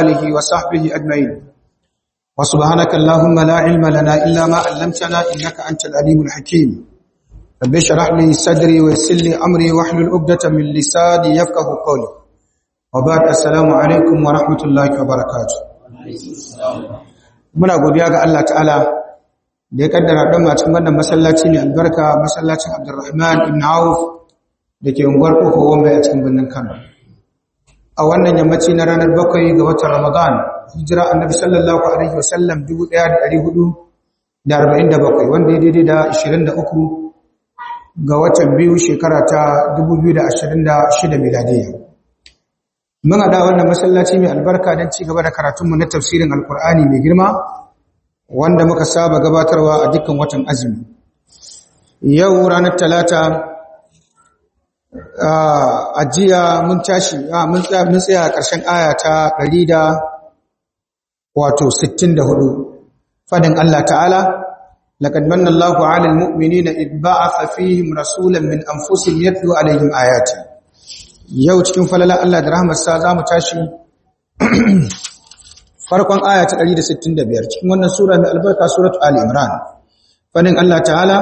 آله وصحبه أجمعين وسبحانك اللهم لا علم لنا إلا ما علمتنا إنك أنت العليم الحكيم رب اشرح لي صدري ويسر لي أمري واحلل عقدة من لساني يفقه قولي وبعد السلام عليكم ورحمة الله وبركاته muna godiya ga Allah ta'ala da ya kaddara don cikin wannan masallaci ne albarka masallacin Abdulrahman ibn Auf da ke unguwar Kofar Wambai a cikin birnin Kano a wannan yammaci na ranar bakwai ga watan Ramadan hijira annabi sallallahu alaihi wasallam 1447 wanda ya daidai da 23 ga watan biyu shekara ta 2026 miladiyya. mun haɗa wannan masallaci mai albarka don ci gaba da karatunmu na tafsirin alkur'ani mai girma wanda muka saba gabatarwa a dukkan watan azumi yau ranar talata a jiya mun tashi mun tsaya a ƙarshen aya ta ɗari da wato sittin da hudu fadin Allah ta'ala laƙad manna Allahu ala almu'minina id ba'atha fihim rasulan min anfusihim yatlu 'alayhim ayati yau cikin falala Allah da rahmarsa zamu tashi farkon aya ta 165 cikin wannan sura mai albarka suratu ali imran fadin Allah ta'ala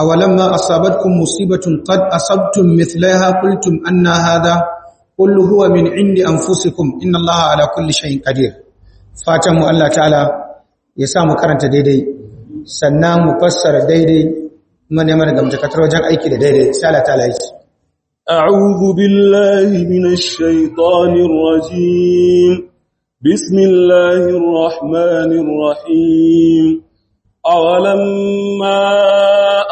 أولما أصابتكم مصيبة قد أصبتم مثلها قلتم أن هذا قل هو من عند أنفسكم إن الله على كل شيء قدير فاتم الله تعالى يسام كرنت ديدي سنا مفسر ديدي من يمن دم تكتر وجن أيكي ديدي سالة تعالى أعوذ بالله من الشيطان الرجيم بسم الله الرحمن الرحيم أولما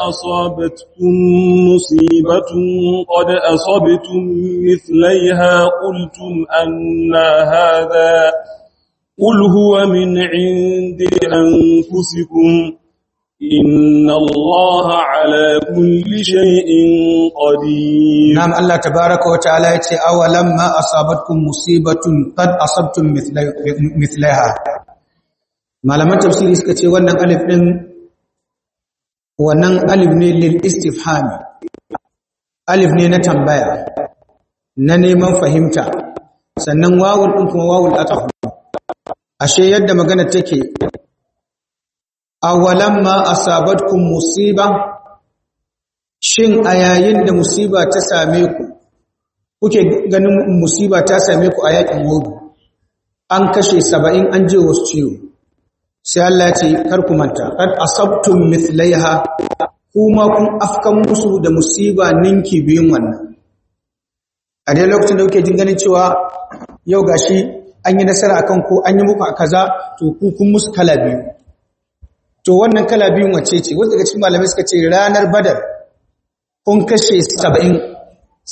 أصابتكم مصيبة قد أصبتم مثليها قلتم أنا هذا قل هو من عند أنفسكم إن الله على كل شيء قدير نعم الله تبارك وتعالى أولما أصابتكم مصيبة قد أصبتم مثليها malaman tafsiri suka ce wannan alif din wannan alif ne lil istifhami alif ne na tambaya na neman fahimta sannan wawul din kuma wawul ataf ashe yadda magana take ma asabatkum musiba shin a yayin da musiba ta same ku kuke ganin musiba ta same ku a yakin gobe? an kashe 70 an je wasu ciwo sai Allah ya ce kar ku manta kad asabtum mithlaiha kuma kun afkan musu da musiba ninki biyun wannan a dai lokacin da kuke jin ganin cewa yau gashi an yi nasara akan ku an yi muku kaza to ku kun musu kala biyu to wannan kala biyun wace ce wanda daga cikin malamai suka ce ranar badar kun kashe 70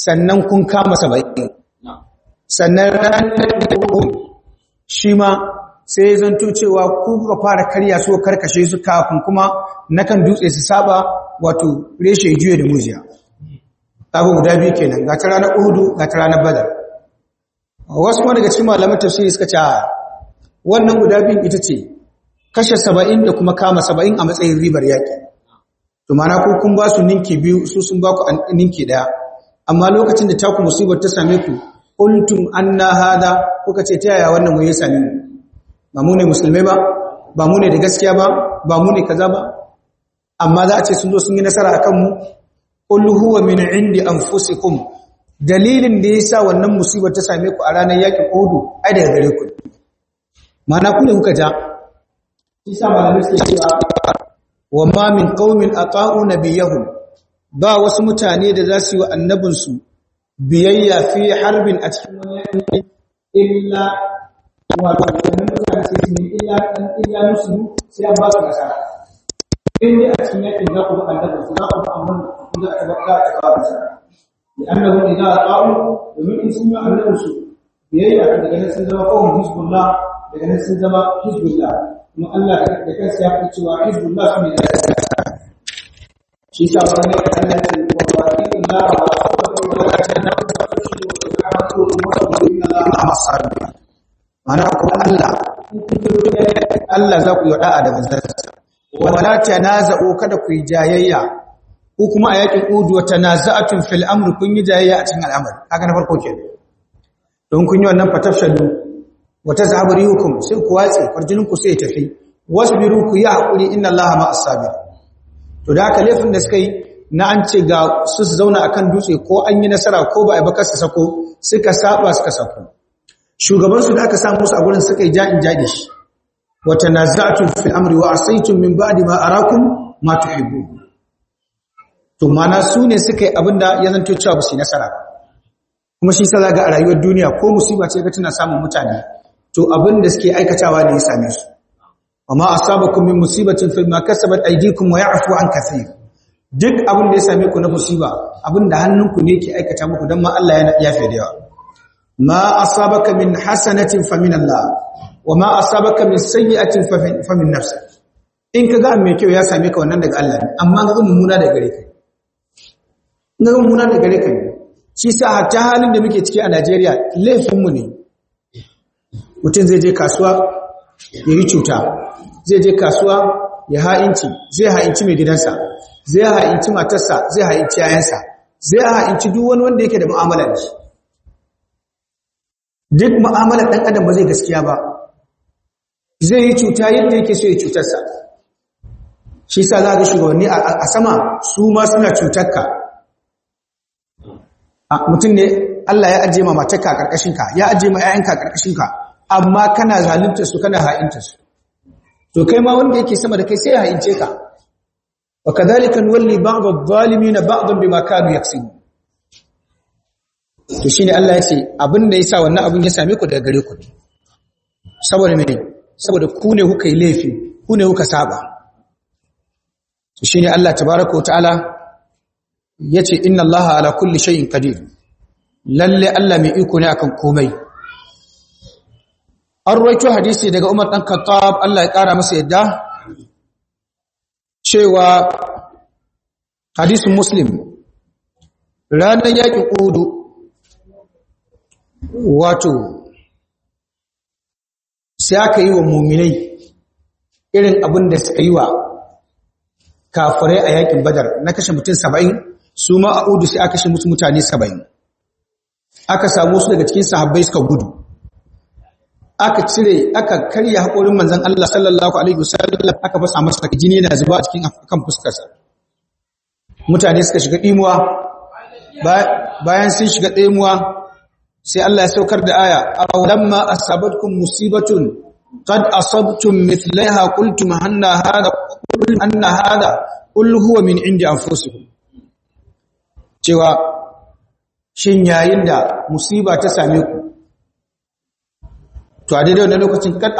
sannan kun kama 70 sannan ranar da shi ma sai zanto cewa ku kuka fara karya su karkashe su kafin kuma nakan dutse su saba wato reshe juye da mujiya abu guda biyu kenan ga ta ranar uhudu ga ranar badar wasu kuma daga cikin malaman tafsiri suka ce wannan guda biyun ita ce kashe saba'in da kuma kama saba'in a matsayin ribar yaƙi to mana ko kun ba su ninki biyu su sun ba ku ninki ɗaya amma lokacin da ta ku musibar ta same ku kuntum anna hada kuka ce ta yaya wannan mu same mu ba mu ne musulmai ba ba mu ne da gaskiya ba ba mu ne kaza ba amma za a ce sun zo sun yi nasara akan mu qul huwa min indi anfusikum dalilin da yasa wannan musibar ta same ku a ranar yakin Uhud ai daga gare ku mana ku ne kuka ja ba da suke cewa wa ma min qaumin ata'u nabiyahum ba wasu mutane da za su yi wa annabinsu biyayya fi harbin a cikin wani illa wato wani mutane sai su ne illa ɗan illa musulmi sai an ba su nasara in dai a cikin yakin za ku ba an za ku ba an murna ku za a ba a ba su da an da za a ƙaru domin in sun yi biyayya daga nan sun zama kawai hizbullah daga nan sun zama hizbullah Allah da ya fi cewa hizbullah su ne da shi sa wani ne a kan yankin kuma ba su ba su ba su ba su ba ba su su ba ba su ba su ba su ba mana kuma Allah Allah za ku yi da'a da manzansa wala tanaza'u kada ku yi jayayya ko kuma a yakin udu wa tanaza'atun fil amri kun yi jayayya a cikin al'amari haka na farko ke don kun yi wannan fatafshadu wa tazhabu riyukum sai ku watsi farjinin ku sai tafi wasbiru ku ya hakuri inna Allaha ma'as sabir to da haka laifin da suka yi na an ce ga su su zauna akan dutse ko an yi nasara ko ba a yi ba kasa sako suka saba suka sako shugabansu da aka samu su a gurin suka yi ja'in ja da shi wa tanaza'tum fil amri wa asaytum min ba'di ma arakum ma tuhibbu to mana su ne suka yi abinda ya zanto cewa ba su nasara kuma shi sa zaga a rayuwar duniya ko musiba ce ga tana samun mutane to abinda suke aikatawa ne ya same su amma asabakum min musibatin fa ma kasabat aydikum wa ya'fu an kaseer duk abin da ya same ku na musiba abinda hannunku ne ke aikata muku dan ma Allah ya yafe da yawa ma asabaka min hasanatin famin Allah wa ma asabaka min sayyi'atin famin nafsik in kaga mai kyau ya same ka wannan daga Allah ne amma ga mummuna daga gare ka ga mummuna daga gare ka shi sa hatta halin da muke ciki a Najeriya laifin mu ne mutum zai je kasuwa ya yi cuta zai je kasuwa ya ha'inci zai ha'inci mai gidansa zai ha'inci matarsa zai ha'inci yayansa zai ha'inci duk wani wanda yake da mu'amala da shi duk mu'amalar ɗan adam ba zai gaskiya ba zai yi cuta yadda yake so ya cutarsa shi sa za ga shugabanni a sama su ma suna cutar ka. mutum ne Allah ya ajiye ma matarka a ƙarƙashin ka. ya ajiye ma 'ya'yanka a ƙarƙashin ka. amma kana zalunta su kana ha'inta su to kai ma wanda yake sama da kai sai ya ha'ince ka wa kadhalika nuwalli ba'd adh-dhalimin ba'dan bima kanu yaksibun to shine Allah ya ce abin da yasa wannan abin ya same ku daga gare ku saboda me saboda ku ne kuka yi laifi ku ne kuka saba to shine Allah tabaaraka wa ta'ala yace inna Allaha ala kulli shay'in qadir lalle Allah mai iko ne akan komai an roito hadisi daga Umar dan Khattab Allah ya kara masa yadda cewa hadisin Muslim ranar yakin Uhud wato sai aka yi wa muminai irin abin da suka yi wa kafirai a yakin badar na kashe mutum saba'in su ma a udu sai aka kashe musu mutane saba'in aka samu su daga cikin sahabbai suka gudu aka cire aka karya haƙorin manzan Allah sallallahu alaihi wasallam aka fasa masa jini yana zuba a cikin kan fuskarsa mutane suka shiga ɗimuwa bayan sun shiga ɗimuwa sai Allah ya saukar da aya aw lamma asabatkum musibatun qad asabtum mithlaha qultum anna hada qul anna hada qul huwa min indi anfusikum cewa shin yayin da musiba ta same ku to a daidai wannan lokacin kan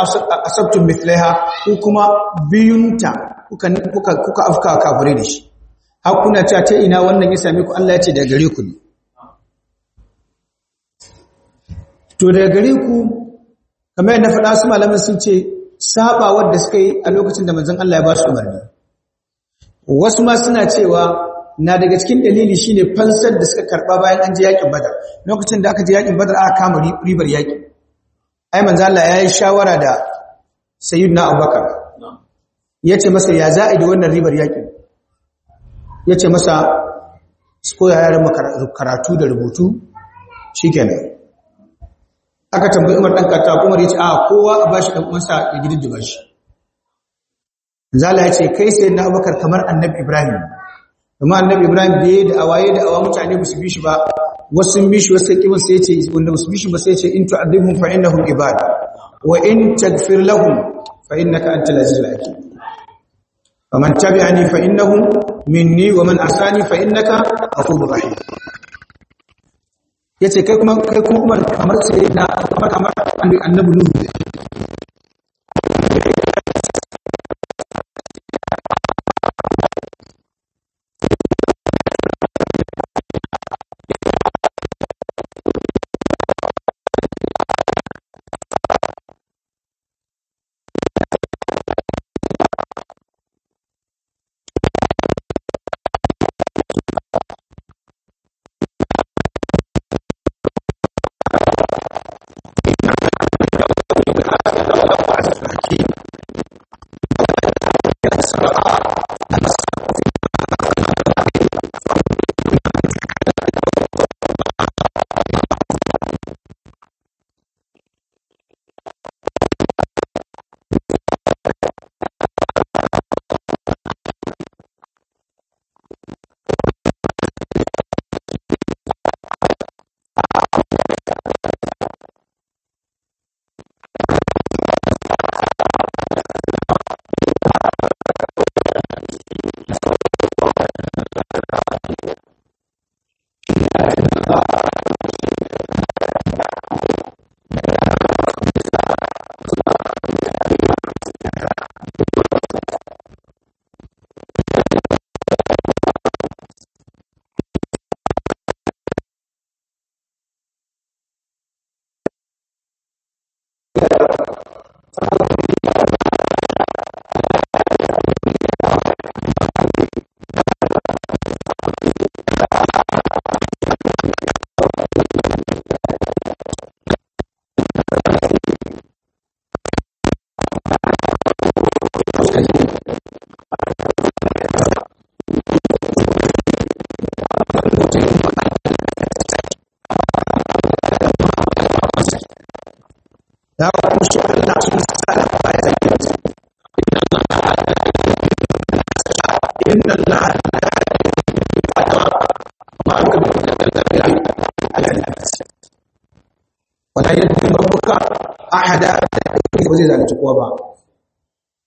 asabtum mithlaha ku kuma biyunta kuka kuka kuka afka kafure da shi har kuna cewa ta ina wannan ya same ku Allah ya ce da gare ku ne to daga gari ku kamar yadda faɗa su malamin sun ce saba wanda suka yi a lokacin da manzon Allah ya ba su umarni wasu ma suna cewa na daga cikin dalili shine fansar da suka karba bayan an je yakin badar lokacin da aka je yakin badar aka kama ribar yaki ai manzon Allah ya yi shawara da sayyidina Abubakar ya ce masa ya za'i da wannan ribar yakin ce masa su koya yaran karatu da rubutu shikenan aka tambayi Umar ɗan Khattab Umar yace a ah, kowa a bashi dan uwansa ya da bashi. Zala ce kai sai na Abubakar kamar Annabi Ibrahim kuma Annabi Ibrahim da yayi da awaye da awa mutane ba su bi shi ba wasu bi shi wasu kibin sai yace wanda ba su bi shi ba sai ce, in tu'adhibhum fa innahum ibad wa in tagfir lahum fa innaka antal azizul hakim faman tabi'ani fa innahu minni wa man asani fa innaka ghafurur rahim yace kai kuma kai kuma Umar kamar sai na kamar kamar annabi Nuhu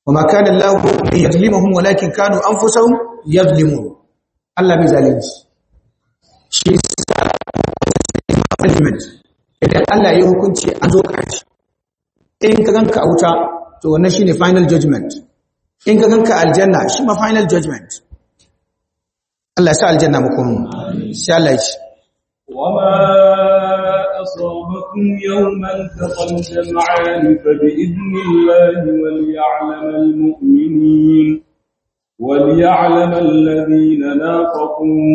وما كان الله ليظلمهم ولكن كانوا انفسهم يظلمون الله bai shi judgment idan Allah ya hukunci an zo karshe in ka ganka a wuta to wannan ne final judgment in ka ganka aljanna shi ma final judgment Allah ya sa aljanna mu kuma sai Allah ya ce أصابكم يوم التقى الجمعان فبإذن الله وليعلم المؤمنين وليعلم الذين نافقوا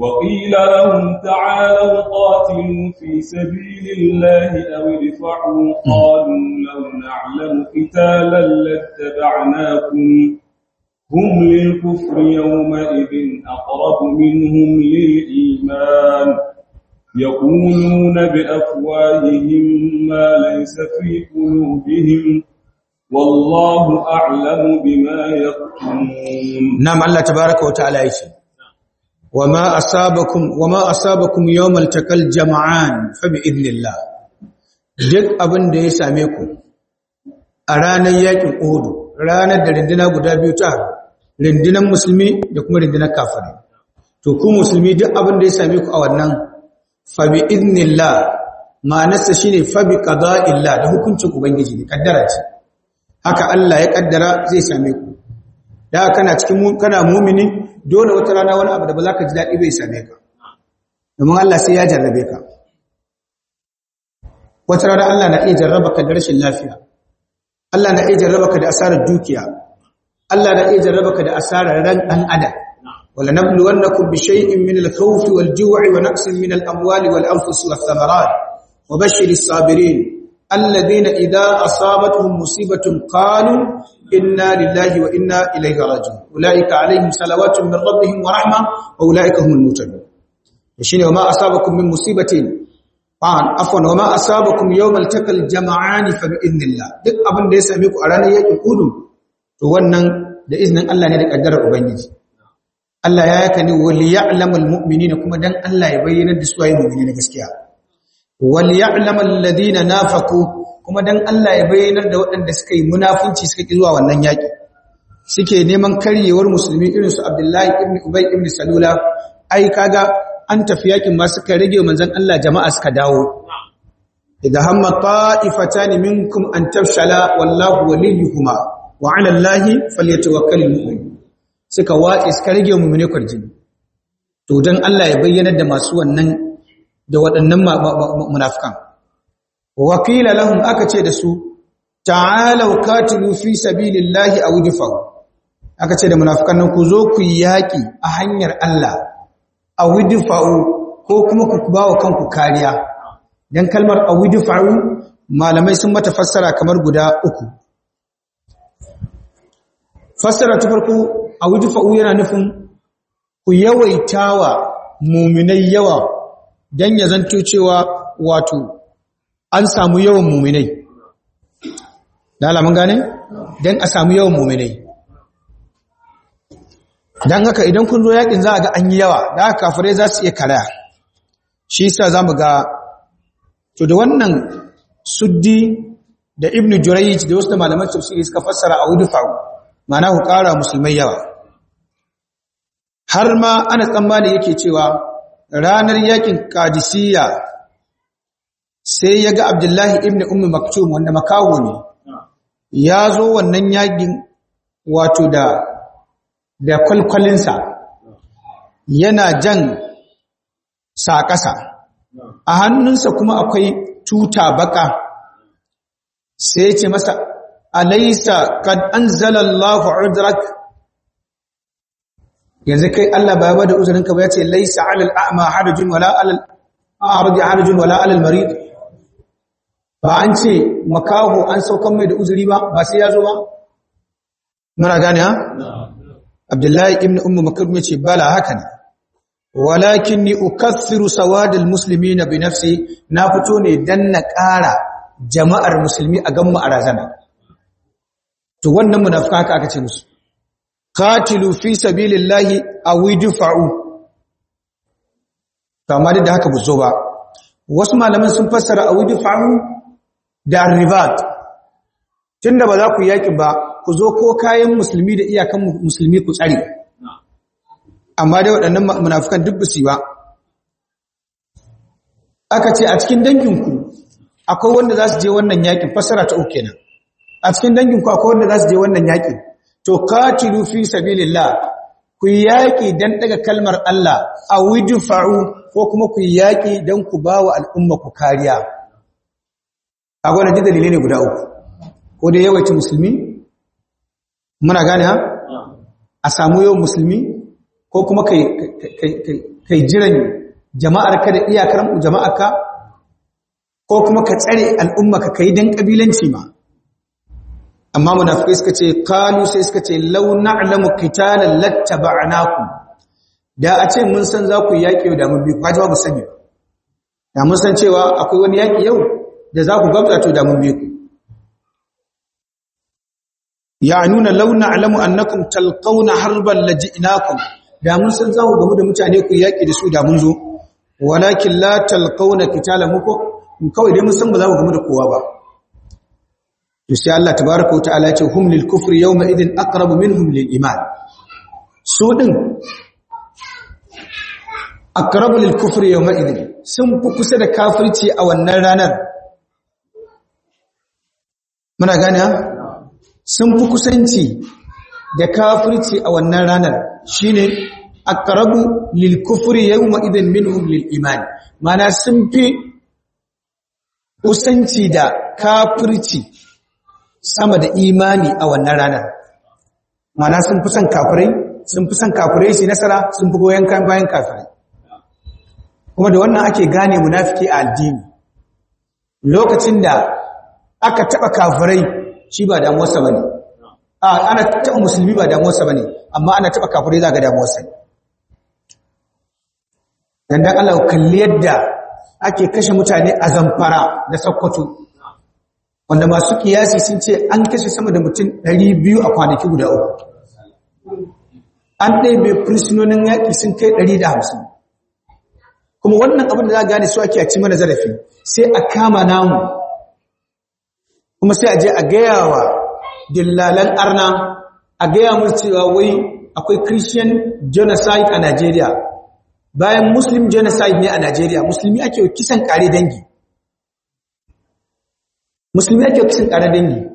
وقيل لهم تعالوا قاتلوا في سبيل الله أو ادفعوا قالوا لو نعلم قتالا لاتبعناكم هم للكفر يومئذ أقرب منهم للإيمان يقولون بأفواههم ما ليس في قلوبهم والله أعلم بما يكتمون نعم الله تبارك وتعالى وما أصابكم وما أصابكم يوم التقى الجمعان فبإذن الله duk abin da ya same ku a ranar yakin Uhud ranar da rinduna guda biyu ta rindunan musulmi da kuma rindunan kafirai to ku musulmi duk abin da ya same ku a wannan fabi idnillah ma'anarsa shine fabi qada'illah da hukuncin ubangiji ne kaddara ce haka Allah ya kaddara zai same ku da kana cikin kana mumini dole wata rana wani abu da ba za ka ji dadi bai same ka domin Allah sai ya jarrabe ka wata rana Allah na iya jarraba ka da rashin lafiya Allah na iya jarraba ka da asarar dukiya Allah na iya jarraba ka da asarar ran ɗan adam ولنبلونكم بشيء من الخوف والجوع ونقص من الأموال والأنفس والثمرات وبشر الصابرين الذين إذا أصابتهم مصيبة قالوا إنا لله وإنا إليه راجعون أولئك عليهم صلوات من ربهم ورحمة وأولئك هم المهتدون وشين وما أصابكم من مصيبة قال عفوا وما أصابكم يوم التقى الجمعان فبإذن الله duk abin da ya same ku a ranar yakin Uhud to wannan da iznin Allah ne da kaddarar ubangiji Allah ya yaka ni wal ya'lamul mu'minina kuma dan Allah ya bayyana da su ayi na gaskiya wal ya'lamul ladina nafaku kuma dan Allah ya bayyana da waɗanda suka yi munafunci suka ki zuwa wannan yaki suke neman karyewar musulmi irin su Abdullahi ibn Ubay ibn Salula ai kaga an tafi yakin ma suka rage manzon Allah jama'a suka dawo idan hamma ta'ifatan minkum an tafshala wallahu waliyuhuma wa 'ala Allahi falyatawakkalul mu'min suka watse suka rage ne kwarjini to don Allah ya bayyana da masu wannan da waɗannan munafikan Wakilalahu lahum aka ce da su ta'alu katilu fi sabilillahi aw difaw aka ce da munafikan nan ku zo ku yaƙi a hanyar Allah aw difaw ko kuma ku bawa kanku kariya dan kalmar aw difaw malamai sun mata fassara kamar guda uku fassara ta farko a fa'u yana nufin ku wa muminai yawa don ya zanto cewa wato an samu yawan muminai Da alamun gane don a samu yawan muminai don haka idan kun zo yakin za a ga an yi yawa da haka kafirai za su iya karaya shi yasa za mu ga to da wannan suddi da ibnu jurayj da wasu malaman tafsiri suka fassara a wujufa'u ma'ana ku ƙara musulmai yawa har ma ana tsammani yake cewa ranar yakin kadisiya sai ya ga abdullahi ibn ummi maktum wanda makawo ne ya zo wannan yakin wato da da kwalkwalinsa yana jan sa ƙasa a hannunsa kuma akwai tuta baka sai ya ce masa alaysa qad anzala Allahu udrak yanzu kai Allah ba ba da uzurin ka ba yace laysa alal a'ma harajun wala alal a'radi harajun wala alal marid ba an ce makaho an saukan mai da uzuri ba ba sai ya zo ba muna gane ha Abdullahi ibn Ummu Maktum yace bala haka ne walakinni ukassiru sawadil muslimina bi nafsi na fito ne dan na kara jama'ar musulmi a ganmu a razana to wannan munafika haka aka ce musu qatilu fi sabilillahi aw idfa'u kamar da haka buzo ba wasu malaman sun fassara aw yudfa'u da arribat tunda ba za ku yaki ba ku zo ko kayan musulmi da iyakan musulmi ku tsare amma dai waɗannan munafikan duk busi ba aka ce a cikin danginku akwai wanda za su je wannan yakin fassara ta uku kenan a cikin dangin ku akwai wanda za su je wannan yaƙi to katilu fi sabilillah ku yaƙi dan daga kalmar Allah a wijfa'u ko kuma ku yaƙi dan ku bawa al'umma ku kariya a gona ji dalilai ne guda uku ko dai yawaita musulmi muna gane ha a samu yawan musulmi ko kuma kai kai jiran jama'ar ka da iyakar jama'ar ka ko kuma ka tsare al'umma ka kai dan kabilanci ma amma munafikai suka ce kalu sai suka ce law na'lamu qitalan lattaba'nakum da a ce mun san za ku yaƙi da mun bi ku ba mu sani da mun san cewa akwai wani yaƙi yau da za ku gamsa to da mun bi ku ya nuna law na'lamu annakum talqawna harban laji'nakum da mun san za ku gamu da mutane ku yaƙi da su da mun zo walakin la talqawna qitalan muku kawai dai mun san ba za ku gamu da kowa ba to sai Allah tabaaraka wa ta'ala ce hum lil kufri yawma idhin aqrabu minhum lil iman su din aqrabu lil kufri yawma idhin sun fi kusa da kafirci a wannan ranar muna gane sun fi kusanci da kafirci a wannan ranar shine aqrabu lil kufri yawma idhin minhum lil iman mana sun fi kusanci da kafirci sama da imani a wannan ranar mana sun fi son kafirai sun fi son kafirai su nasara sun fi goyon kan bayan kafirai kuma da wannan ake gane munafiki a addini lokacin da aka taba kafirai shi ba damuwarsa bane ne ana taba musulmi ba damuwarsa ne amma ana taba kafirai za ga damuwarsa dan Dandan Allah kalli yadda ake kashe mutane a zamfara da sakkwato wanda masu kiyasi sun ce an kashe sama da mutum 200 a kwanaki guda uku an mai fursunonin yaƙi sun kai 150 kuma wannan abin da za gane su ake a ci mana zarafi sai a kama namu kuma sai a je a gaya wa dillalan arna a gaya musu cewa wai akwai christian genocide a nigeria bayan muslim genocide ne a nigeria musulmi ake kisan kare dangi musulmi ake cin ƙarar dangi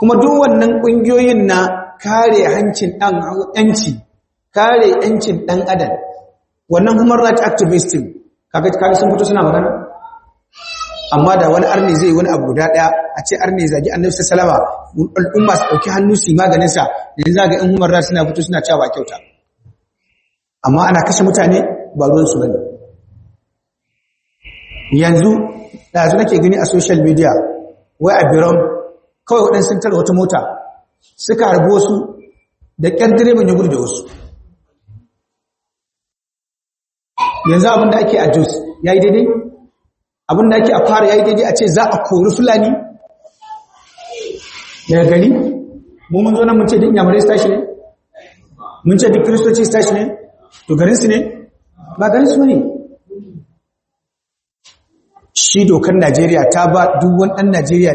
kuma duk wannan ƙungiyoyin na kare hancin ɗan ‘yanci kare ‘yancin ɗan adam wannan human rights activism kaga kaga sun fito suna magana amma da wani arne zai wani abu guda daya a ce arne zagi annabi sallama al'umma su dauki hannu su maganin sa yanzu zaga in human rights suna fito suna cewa kyauta amma ana kashe mutane ba ruwan su bane yanzu da yanzu nake gani a social media wai a biron kawai waɗansu sun tara wata mota suka harbo su da ƙyar direban ya gudu da wasu yanzu abinda ake a jos ya yi daidai abinda ake a fara ya yi daidai a ce za a kori fulani daga gari mu mun zo nan mun ce duk yamurai tashi ne mun ce duk kiristoci tashi ne to garinsu ne ba garinsu ne shi dokar Najeriya ta ba duk dan Najeriya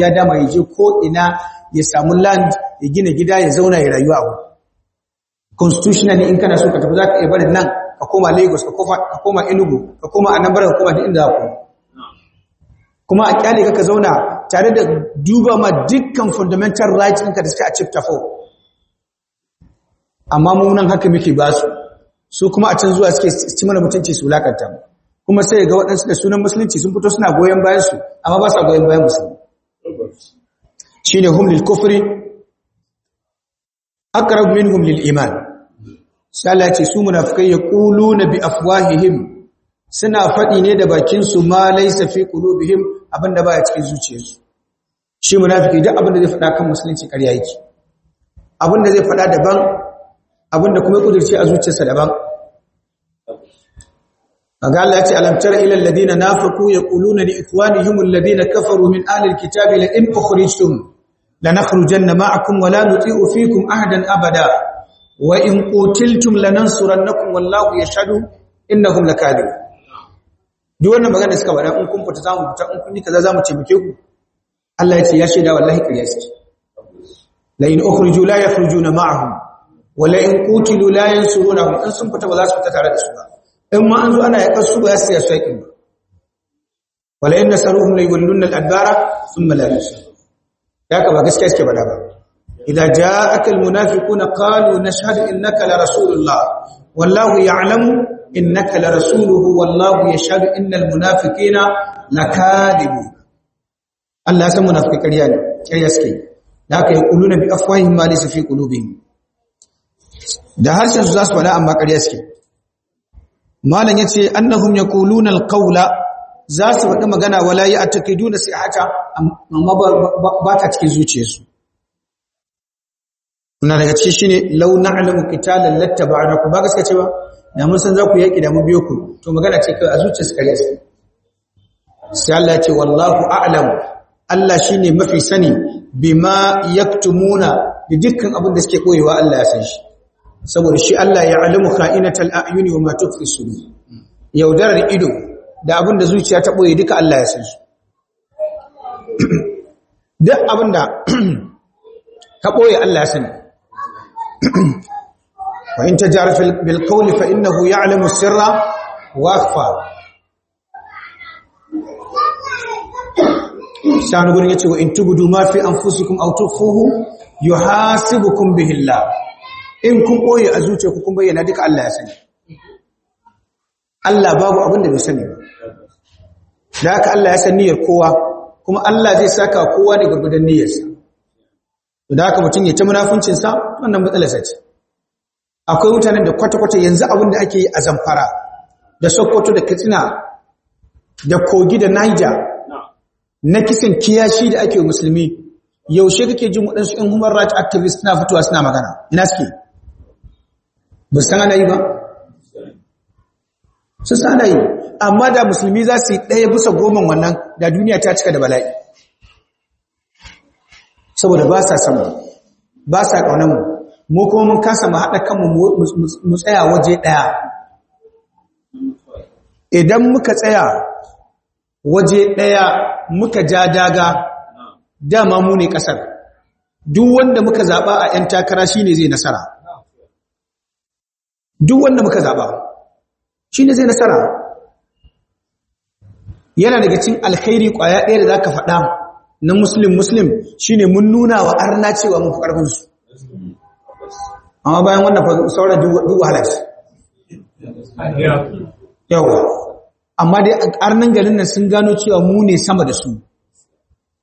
ya dama ya je ko ina ya samu land ya gina gida ya zauna ya rayuwa a wuri constitutionally in kana so ka tafi zaka iya barin nan ka koma Lagos ka koma ka koma Enugu ka koma Anambra ka koma duk inda ka kuma a kyale ka zauna tare da duba ma dukkan fundamental rights ɗinka da suke a chapter 4 amma mu nan haka muke ba su su kuma a can zuwa suke cimma mutunci su lakanta mu kuma sai ga waɗansu da sunan musulunci sun fito suna goyon bayan su amma ba sa goyon bayan musulmi Shi hum lil kufri aqrab minhum lil iman sai Allah ya ce su munafikai yaquluna bi afwahihim suna faɗi ne da bakin su ma laysa fi qulubihim abinda ya cikin zuciyarsu shi munafiki duk abinda zai faɗa kan musulunci ƙarya yake abinda zai faɗa daban abinda kuma ya ƙudirce a zuciyarsa daban kaga Allah ya ce alam tara ila alladhina nafaqu yaquluna li ikhwanihim alladhina kafaru min ahli alkitabi la in ukhrijtum lanakhrujanna ma'akum wa la nuti'u fikum ahadan abada wa in qutiltum lanansurannakum wallahu yashhadu innahum lakadib duk wannan magana suka bada in kun fita zamu fita in kun yi kaza zamu taimake ku Allah ya ce ya shaida wallahi kariya suke la in ukhriju la yakhrujuna ma'ahum wa la in qutilu la yansurunahum in sun fita ba za su fita tare da su ba in ma an zo ana yaƙar su ba ya siya shaƙi ba wala inna saruhum la yulunna al-adbara thumma la Ya ka ba gaskiya suke bada ba idan ja na al na qalu in naka la rasulullah wallahu ya in naka la rasuluhu wallahu ya in yashhadu na munafiqina lakadibun Allah ya san munafiki ƙarya ne ƙarya suke da aka yi kuluna bi afwahihim ma laysa fi qulubihim da harshen su za su faɗa amma ƙarya suke malam yace annahum yaquluna alqawla za su faɗi magana wala ya'taqiduna sihata amma ba ta cikin zuciyarsu kuna daga cikin shine law na'lamu qitalan lattaba'nakum ba gaskiya ce ba da mun san za ku yaki da mu biyo ku to magana ce kai a zuciyarsu kare su sai Allah ce wallahu a'lam Allah shine mafi sani bima yaktumuna da dukkan abin da suke koyewa Allah ya san shi saboda shi Allah ya alimu kha'inatal a'yuni wa ma tukhfi sudur yaudarar ido da abinda zuciya ta boye duka Allah ya san su duk abinda ka boye Allah ya san wa in tajar bil qawli fa innahu ya'lamu sirra wa akhfa sanu gurin yace wa in tubudu ma fi anfusikum aw tukhfuhu yuhasibukum bihi Allah in kun boye a zuciyarku kun bayyana duka Allah ya sani Allah babu abin da bai sani ba da haka Allah ya san niyyar kowa kuma Allah zai saka kowa daga gudan niyyarsa to da haka mutum ya ci munafincin sa wannan matsalarsa ce akwai mutanen da kwata-kwata yanzu abin da ake yi a Zamfara da Sokoto da Katsina da Kogi da Niger na kisan kiyashi da ake musulmi yaushe kake jin waɗansu ‘yan human rights activists suna fitowa suna magana ina suke ba san ana yi ba sun san amma da musulmi za su yi ɗaya bisa goman wannan da duniya ta cika da bala'i saboda ba sa sama ba sa ƙaunar mu mu kuma mun kasa mu haɗa kanmu mu tsaya waje ɗaya idan muka tsaya waje ɗaya muka ja daga dama mu ne ƙasar duk wanda muka zaɓa a 'yan takara shi ne zai nasara duk wanda muka zaba shi ne zai nasara yana daga cin alkhairi kwaya ɗaya da za ka faɗa na muslim muslim shi ne mun nuna wa arna cewa mun ƙarfinsu amma bayan wannan saura duk wahala yawa amma dai arnan garin nan sun gano cewa mu ne sama da su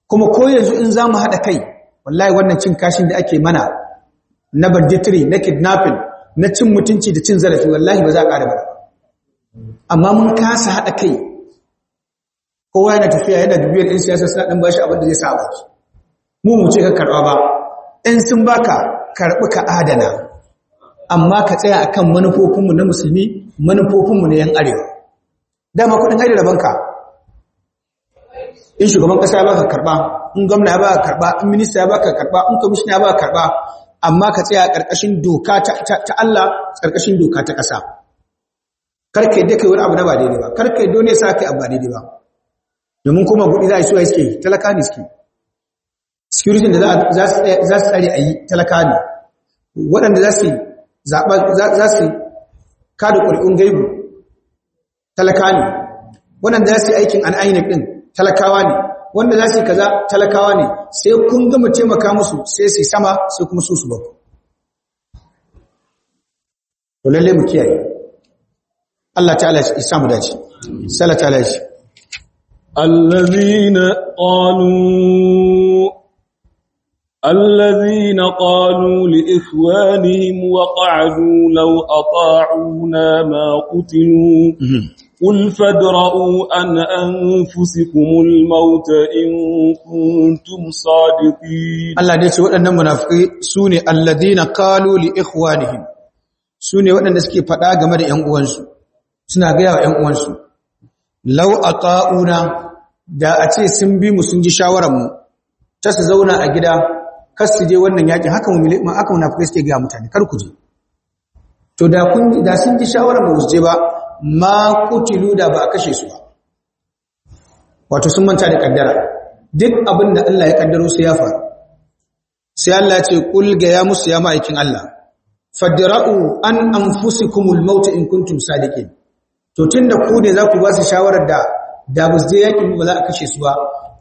kuma ko yanzu in za mu haɗa kai wallahi wannan cin kashin da ake mana na banditri na kidnapping na cin mutunci da cin zarafi wallahi ba za a ƙara ba amma mun kasa haɗa kai kowa yana tafiya yana dubiyar 'yan siyasa suna ɗan bashi abin da zai sa baki mu mu ce ka karɓa ba in sun baka karɓi ka adana amma ka tsaya akan manufofinmu na musulmi manufofinmu na yan arewa dama kuɗin da banka in shugaban ƙasa ba ka karɓa in gwamna ba ka karɓa in minista ba ka karɓa in kwamishina ba ka karɓa amma ka tsaya ƙarƙashin doka ta Allah ƙarƙashin doka ta ƙasa karka yadda kai wani abu na ba daidai ba karka yadda ne sa kai abu ba daidai ba domin kuma gudu za a yi suwa iske talaka ne suke security da za su tsare a yi talaka ne waɗanda za su zaɓa za su kada ƙuri'un gaibu talaka ne waɗanda za su yi aikin an ainihin ɗin talakawa ne wanda za su kaza talakawa ne sai kun gama taimaka musu sai su sama sai kuma su su ba ku to lalle mu kiyaye Allah ta'ala ya samu dace sallallahu ta'ala ya الذين قالوا الذين قالوا لإخوانهم وقعدوا لو أطاعونا ما قتلوا قل فادرؤوا عن أنفسكم الموت إن كنتم صادقين الله دي ce waɗannan munafiki sune alladhina qalu li ikhwanihim sune waɗanda suke faɗa game da ƴan uwansu suna gaya wa ƴan uwansu law ata'una da a ce sun bi mu sun ji shawaran mu ta su zauna a gida kar su je wannan yakin haka mu ma aka munafiki mutane kar ku je to da sun ji shawaran mu su je ba ma kutilu da ba a kashe su ba wato sun manta da kaddara duk abin da Allah ya kaddaro sai ya faru sai Allah ya ce kul ga ya musu ya ma'aikin Allah fadra'u an anfusikumul maut in kuntum sadiqin to tunda ku ne za ku ba su shawarar da da ba zai je ba za a kashe su ba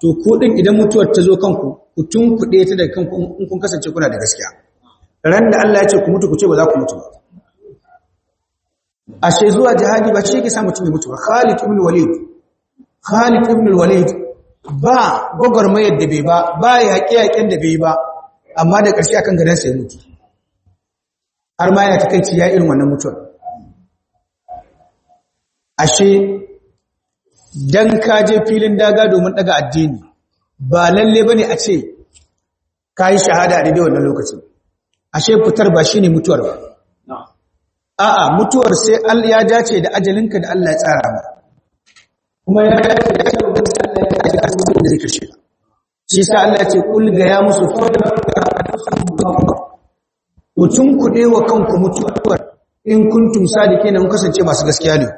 to ku din idan mutuwar ta zo kanku ku tunkuɗe ta da kanku in kun kasance kuna da gaskiya ran da Allah ya ce ku mutu ku ce ba za ku mutu ba ashe zuwa jihadi ba shi yake sa mutum ya Khalid ibn Walid Khalid ibn Walid ba gwagwarmayar da bai ba ba yaƙe-yaƙen da bai ba amma da ƙarshe akan garin sai mutu har ma yana takeici ya irin wannan mutuwar ashe dan ka je filin daga domin daga addini ba lalle bane a ce kai shahada a daidai wannan lokacin ashe fitar ba shine mutuwar ba a'a mutuwar sai al ya dace da ajalinka da Allah ya tsara ma kuma ya dace da cewa Allah ya dace da abubuwan da zai shiga shi sa Allah ya ce kul ga ya musu fara ku tunkuɗe wa kanku mutuwar in kuntum ne mun kasance masu gaskiya ne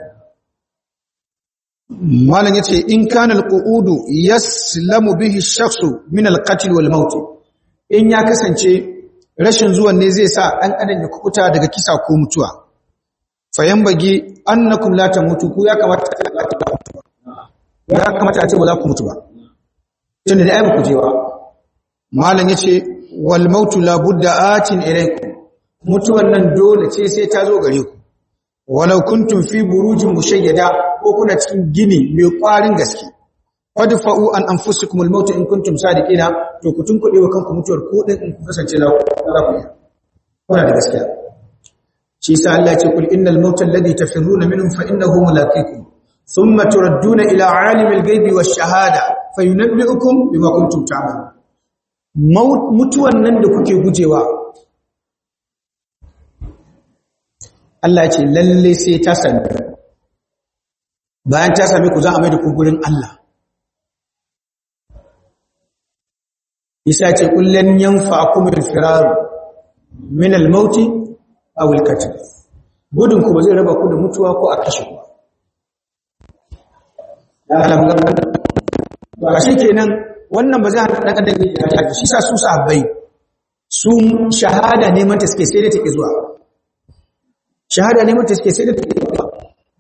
malam yace in kana alqu'udu yaslamu bihi ash-shakhsu min al-qatl wal maut in ya kasance rashin zuwan ne zai sa ɗan adam ya kukuta daga kisa ko mutuwa fayanbagi annakum la tamutu ku ya kamata ya kamata a ce ba za ku mutu ba tunda da ya ku je ba malam ce wal mautu la budda atin ilaykum mutuwan nan dole ce sai ta zo gare ku walau kuntum fi burujin mushayyada ko kuna cikin gini mai kwarin gaske fadfa'u an anfusikum al maut in kuntum sadiqina to ku tunkuɗe wa kanku mutuwar kuɗin din in ku kasance lafiya kuna da gaskiya shi sa Allah ce kul innal mauta alladhi tafirruna minhu fa innahu mulaqikum thumma turadduna ila alimil ghaibi wash shahada fayunabbi'ukum bima kuntum ta'malun mutuwan nan da kuke gujewa Allah ce lalle sai ta sami bayan ta sami ku za a mai da ku gurin Allah isa ce kullen yanfa'akum al-firar min al-maut awil katil gudun ku ba zai raba ku da mutuwa ko a kashe ku ya samu to a shi kenan wannan ba zai hada da da shi sa su sahabbai su shahada neman ta suke sai da take zuwa shahada neman ta suke sai da take zuwa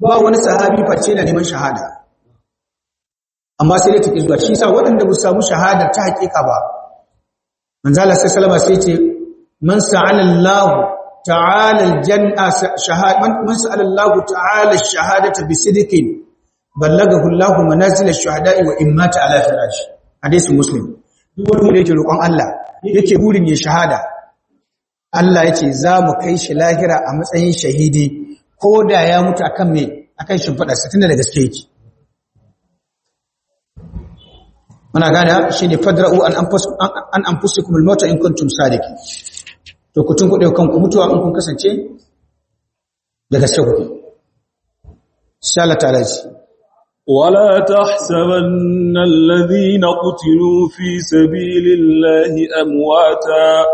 ba wani sahabi face na neman shahada amma sai da take zuwa shi sa waɗanda ba su samu shahada ta hakika ba manzala sai salama sai ce man sa'ala Allah تعالى الجنة شهادة من سأل الله تعالى الشهادة بصدق بلغه الله منازل الشهداء وإن مات على فراش حديث مسلم duk wanda yake roƙon Allah yake burin ya shahada Allah yace za mu kai shi lahira a matsayin shahidi ko da ya mutu akan me akan shimfada tunda da gaske yake muna gane shine fadra'u an anfusukum al-mauta in kuntum sadiqin to ku tunkuɗe kanku mutuwa in kun kasance da gaske kuke sai ta'ala ji ولا تحسبن الذين قتلوا في سبيل الله أمواتا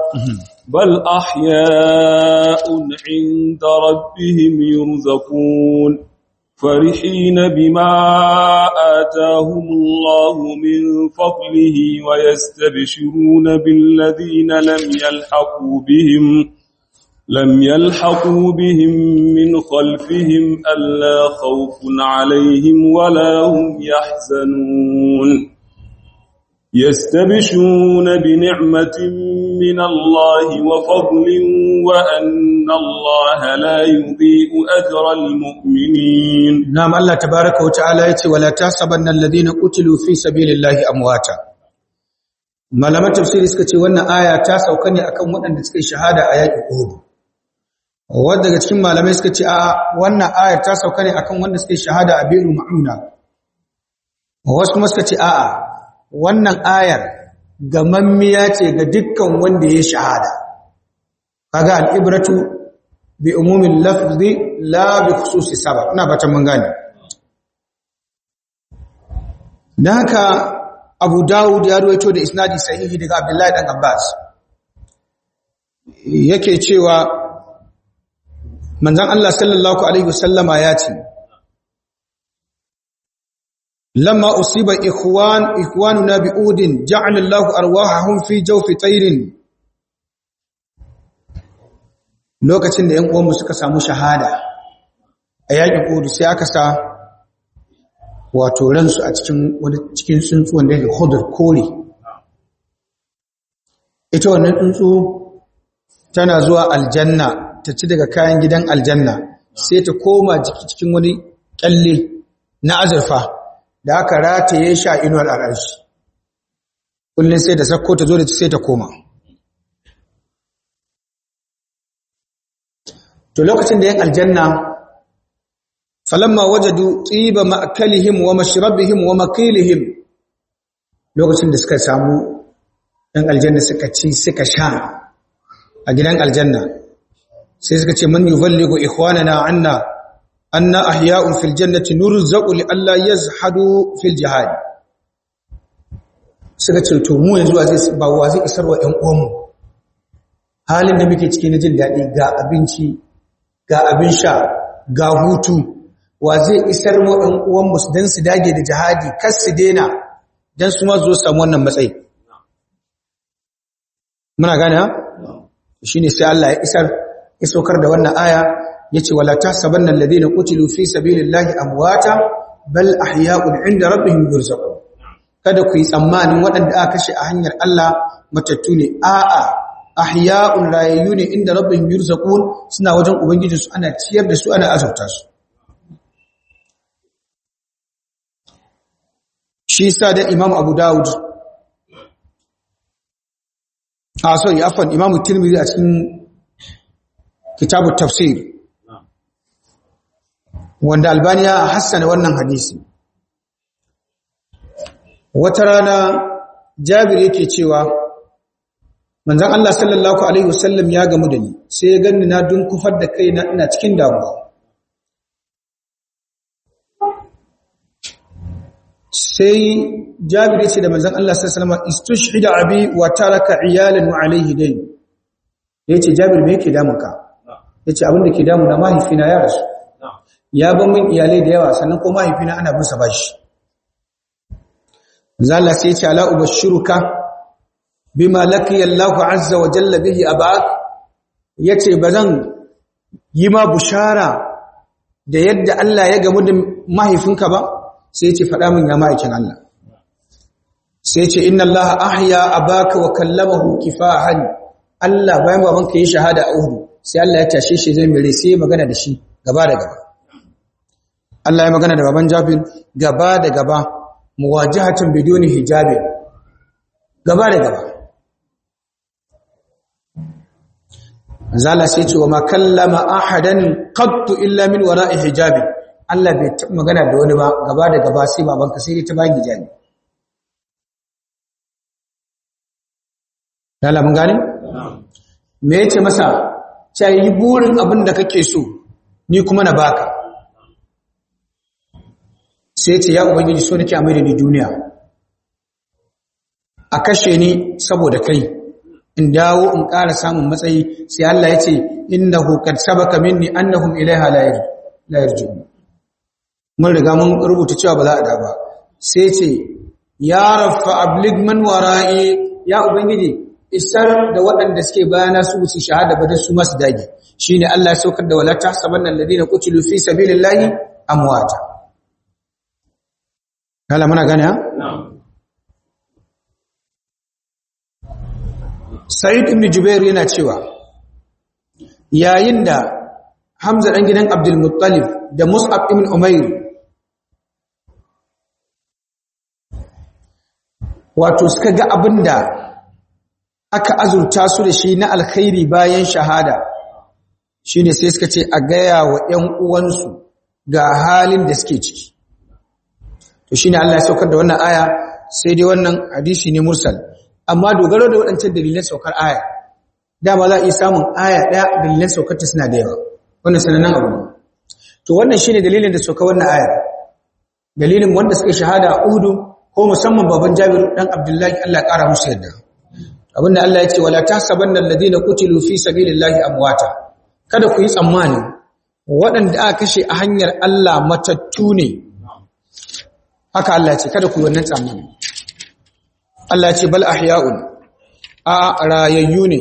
بل أحياء عند ربهم يرزقون فرحين بما آتاهم الله من فضله ويستبشرون بالذين لم يلحقوا بهم لم يلحقوا بهم من خلفهم ألا خوف عليهم ولا هم يحزنون يستبشون بنعمة من الله وفضل وأن الله لا يضيء أجر المؤمنين نعم الله تبارك وتعالى ولا تحسبن الذين قتلوا في سبيل الله أمواتا ما لما تفسير اسكتي وانا آية تاسا وكاني أكون وانا نتكي شهادة آية أهوب وانا تكيما لما اسكتي وانا آية تاسا وكاني أكون وانا نتكي شهادة أبير معونة وانا اسكتي آية wannan ayar gamammiya ce ga dukkan wanda ya shahada kaga al-ibratu bi umumi lafzi la bi khususi sabab ina bata mun gane Na haka Abu Dawud ya ruwaito da isnadi sahihi daga Abdullahi dan Abbas yake cewa manzon Allah sallallahu alaihi wasallama ya ce Lamma أصيب إخوان na bi'udin, جعل الله أرواحهم في جوف طير lokacin da ‘yan uwanmu suka samu shahada a yaƙin ƙudu sai aka sa wato ransu a cikin wani cikin tsuntsu wanda yake hudur kore ita wannan tsuntsu tana zuwa aljanna ta ci daga kayan gidan aljanna sai ta koma cikin wani ƙyalle na azurfa da aka rataye shi a inuwar al'arshi kullum sai da sakko ta zo da sai ta koma to lokacin da ya aljanna falamma wajadu tiba ma'kalihim wa mashrabihim wa makilihim lokacin da suka samu yan aljanna suka ci suka sha a gidan aljanna sai suka ce man yuballighu ikhwanana anna anna ahya'un fil jannati nurzaqu li alla yazhadu fil jihad suka ce to mu yanzu ba wa zai isar wa ƴan uwanmu halin da muke ciki na jin daɗi ga abinci ga abin sha ga hutu wa zai isar wa ƴan uwanmu dan su dage da jihadi Kas su dena dan su ma zo samu wannan matsayi muna gane ha shine sai Allah ya isar ya saukar da wannan aya yace wala tahsabanna alladhina qutilu fi sabilillahi amwata bal ahya'un 'inda rabbihim yurzaqun kada ku yi tsammanin waɗanda aka kashe a hanyar Allah matattu ne a'a ahya'un rayayyu ne inda rabbihim yurzaqun suna wajen ubangiji su ana ciyar da su ana azurta su shi sa da Imam Abu Dawud a so ya afan Imam Tirmidhi a cikin kitabu tafsir wanda albaniya a hassana wannan hadisi wata rana jabir yake cewa manzan Allah sallallahu alaihi wasallam ya gamu da ni sai ya ganni na kufar da kai ina cikin damuwa sai jabir ya ce da manzan Allah sallallahu alaihi wasallam istushhida abi wa taraka iyalin wa alaihi Ya ce jabir me yake damunka ya abin da ke damuna mahaifina ya rasu ya ban min iyalai da yawa sannan ko mahaifina ana bin sa bashi zalla sai ce ala ubashiruka bima laqiya Allahu azza wa jalla bihi abak yace bazan yi ma bushara da yadda Allah ya gamu da mahaifinka ba sai yace fada min ya mahaifin Allah sai yace inna Allah ahya abaka wa kallamahu kifahan Allah bayan babanka yi shahada a Uhud sai Allah ya tashe shi zai mere sai magana da shi gaba da gaba Allah ya magana da baban Jabir gaba da gaba muwajahatan biduni hijabi gaba da gaba zala sai ce wa makallama ahadan qattu illa min wara'i hijabi Allah bai magana da wani ba gaba da gaba sai babanka sai ta bagi hijabi Allah mun gane? Me yace masa, "Cai yi burin abin da kake so, ni kuma na baka." sai ce ya ubangiji so nake amai da ni duniya a kashe ni saboda kai in dawo in ƙara samun matsayi sai Allah ya ce innahu qad sabaka minni annahum ilaiha la yarji'un mun riga mun rubuta cewa ba za a da ba sai ce ya rafa ablig man wara'i ya ubangiji isar da waɗanda suke bayana su su shahada ba da su masu dage shine Allah ya saukar da walata tahsabanna alladhina kutilu fi sabilillahi amwata Kala muna gani ha? Sa'id ibn Jubair yana cewa yayin da Hamza dan gidan Abdul Muttalib da Mus'ab ibn Umair wato suka ga abin da aka azurta su da shi na alkhairi bayan shahada shine sai suka ce a gaya wa 'yan uwansu ga halin da suke ciki to shine Allah ya saukar da wannan aya sai dai wannan hadisi ne mursal amma dogaro da waɗancan dalilan saukar aya dama za a yi samun aya daya dalilan saukar ta suna da yawa wannan sanannen abu ne to wannan shine dalilin da saukar wannan aya dalilin wanda suka shahada a Uhud ko musamman baban Jabir dan Abdullahi Allah ya kara musu yadda abinda Allah ya ce wala tahsabanna alladhina qutilu fi sabilillahi amwata kada ku yi tsammani waɗanda aka kashe a hanyar Allah matattu ne haka Allah ce kada ku wannan tsammani Allah ce bal ahya'un a rayayyu ne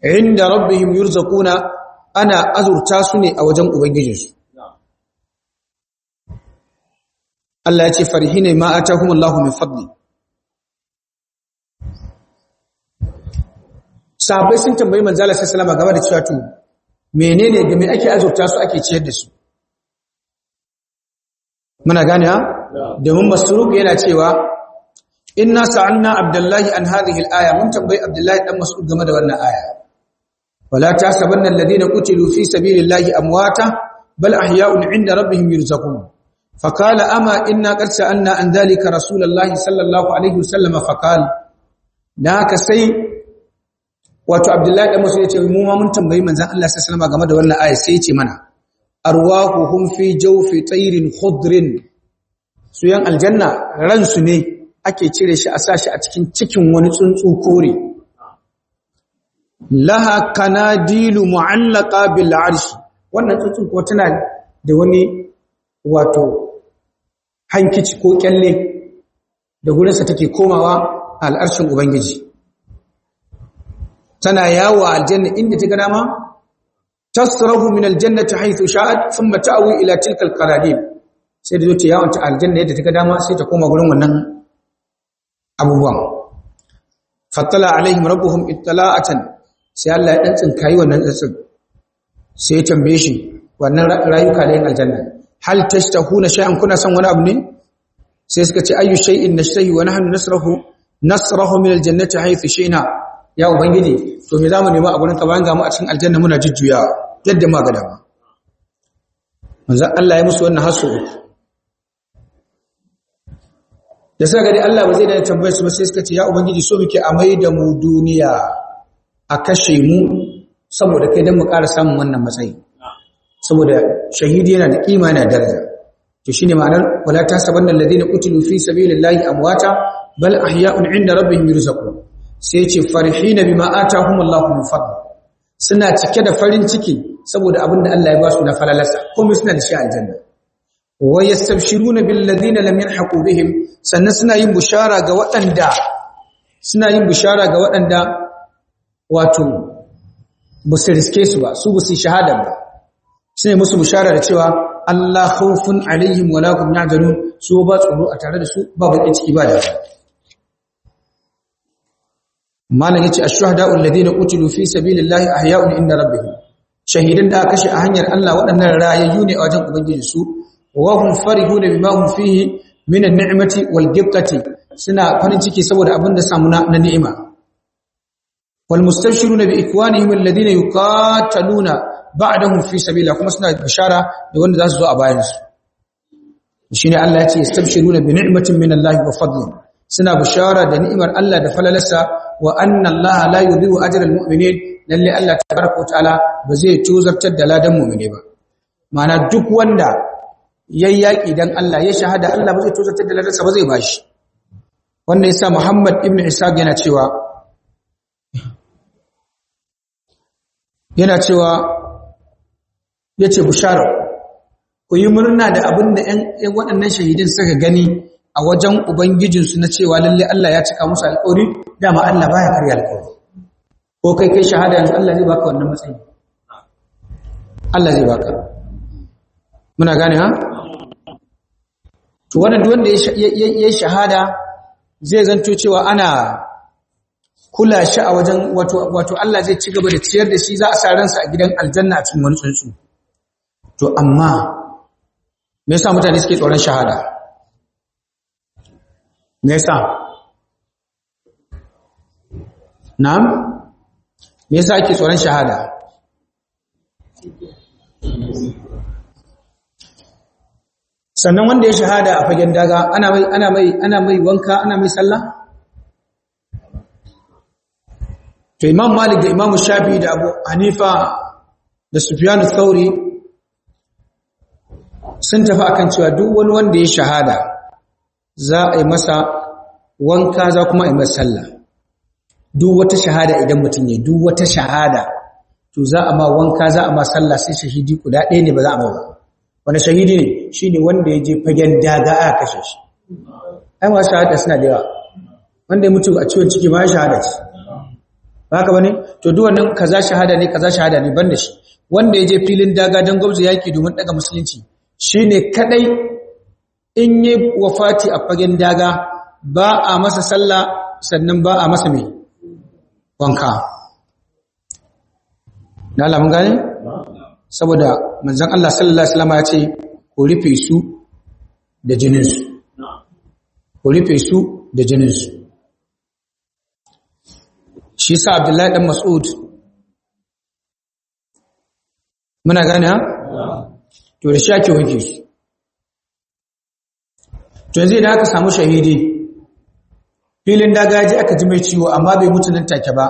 inda rabbihim yurzakuna ana azurta su ne a wajen ubangijinsu Allah ya ce farhine ma atahum Allah min fadli Sabai sun tambayi manzala Allah sallallahu alaihi wasallam game da cewa to menene game ake azurta su ake ciyar da su muna gane ha domin masruq yana cewa inna sa'alna abdullahi an hadhihi al-aya mun tambayi abdullahi dan mas'ud game da wannan aya wala tasabanna alladhina qutilu fi sabilillahi amwata bal ahya'un 'inda rabbihim yurzaqun faqala ama inna qad sa'alna an dhalika sallallahu wasallam haka sai wato abdullahi dan mas'ud ya ce mu ma mun tambayi manzon Allah sallallahu alaihi wasallam game da wannan aya sai ya ce mana arwahuhum fi jawfi tayrin khudrin su yan aljanna ransu ne ake cire shi a sashi a cikin cikin wani tsuntsu kore laha kanadilu mu'allaqa bil arshi wannan tsuntsu ko tana da wani wato hankici ko kyalle da sa take komawa arshin ubangiji tana yawo aljanna inda ta ga dama tasrahu min aljannati haythu sha'at thumma ta'wi ila tilka alqaladin sai da zo ta yawanta aljanna yadda take dama sai ta koma gurin wannan abubuwan fatala alaihim rabbuhum ittala'atan sai Allah ya dan tsinkayi wannan tsatsin sai ya tambaye shi wannan rayuka da yin aljanna hal tashtahuna shay'an kuna son wani abu ne sai suka ce ayu shay'in nashtahi wa nahnu nasrahu nasrahu min aljannati haythu shayna ya ubangiji to me zamu nema a gurin ka bayan ga mu a cikin aljanna muna jujjuyawa yadda ma ga dama manzon Allah ya musu wannan hasu uku da suka gani Allah ba zai da tambayar su ba sai suka ce ya ubangiji so muke a mai da mu duniya a kashe mu saboda kai dan mu ƙara samun wannan matsayi saboda shahidi yana da kima yana daraja to shine ma'anar wala tasabanna alladhina qutilu fi sabilillahi amwata bal ahya'un 'inda rabbihim yurzaqun sai ce farihina bima atahumullahu min fadl suna cike da farin ciki saboda abinda Allah ya ba su na falalarsa komai suna da shi a aljanna wa yastabshiruna bil ladina lam yalhaqu bihim sannan suna yin bushara ga waɗanda suna yin bushara ga waɗanda wato ba su riske su ba su ba shahada ba suna musu bushara da cewa Allah khawfun alaihim wa lahum yahzanun su ba tsoro a tare da su ba bakin ciki ba da malam yace ash-shuhada alladhina qutilu fi sabilillahi ahya'un inda rabbihim shahidan da aka kashe a hanyar Allah waɗannan ra'ayoyi ne a wajen ubangiji su wa hum farihuna bima hum fihi min an-ni'mati wal giftati suna farin ciki saboda abin da samu na ni'ima wal mustabshiruna bi ikwanihim alladhina yuqataluna ba'dahum fi sabila kuma suna bishara da wanda za su zo a bayan su shine Allah ya ce istabshiruna bi ni'matin min Allah wa fadlin suna bushara da ni'imar Allah da falalarsa wa anna Allah la yudhi'u ajra almu'minin lalle Allah tabaraka ta'ala ba zai tuzartar da ladan mu'mini ba Mana duk wanda yayi yaki dan Allah ya shahada Allah ba zai tuzartar da ladansa ba zai bashi wannan yasa Muhammad ibn Isa yana cewa yana cewa yace bushara ku yi murna da abinda da waɗannan shahidin suka gani a wajen ubangijinsu na cewa lalle Allah ya cika musu alƙawari dama Allah baya karya alƙawari ko kai kai shahada yanzu Allah zai baka wannan matsayi Allah zai baka muna gane ha to wannan duk wanda ya shahada zai zanto cewa ana kula shi a wajen wato wato Allah zai ci gaba da ciyar da shi za a sa ransa a gidan aljanna a cikin wani tsuntsu to amma me yasa mutane suke tsoron shahada me na'am me yasa ake tsoron shahada sannan wanda ya shahada a fagen daga ana mai ana mai ana mai wanka ana mai sallah to imam malik da imam shafi da abu hanifa da sufyan al sun tafi akan cewa duk wani wanda ya shahada za a yi masa wanka za kuma a yi masa sallah duk wata shahada idan mutum ne duk wata shahada to za a ma wanka za a ma sallah sai shahidi guda ɗaya ne ba za a ma ba wani shahidi ne shi ne wanda ya je fagen daga a kashe shi ai ma shahada suna da yawa wanda ya mutu a ciwon ciki ma shahada ce ba ka bane to duk wannan kaza shahada ne kaza shahada ne banda shi wanda ya je filin daga don gwamnati yaki domin daga musulunci shine kadai in yi wafati a fagen daga ba a masa sallah sannan ba a masa mai wanka na alamun gane? saboda manzan Allah sallallahu Alaihi wasallama ya ce ko rufe su da jininsu ko rufe su da jininsu shi sa abdullahi dan mas'ud muna gane ha? to da shi ake wanke su to yanzu idan aka samu shahidi filin dagaji aka ji mai ciwo amma bai mutu nan take ba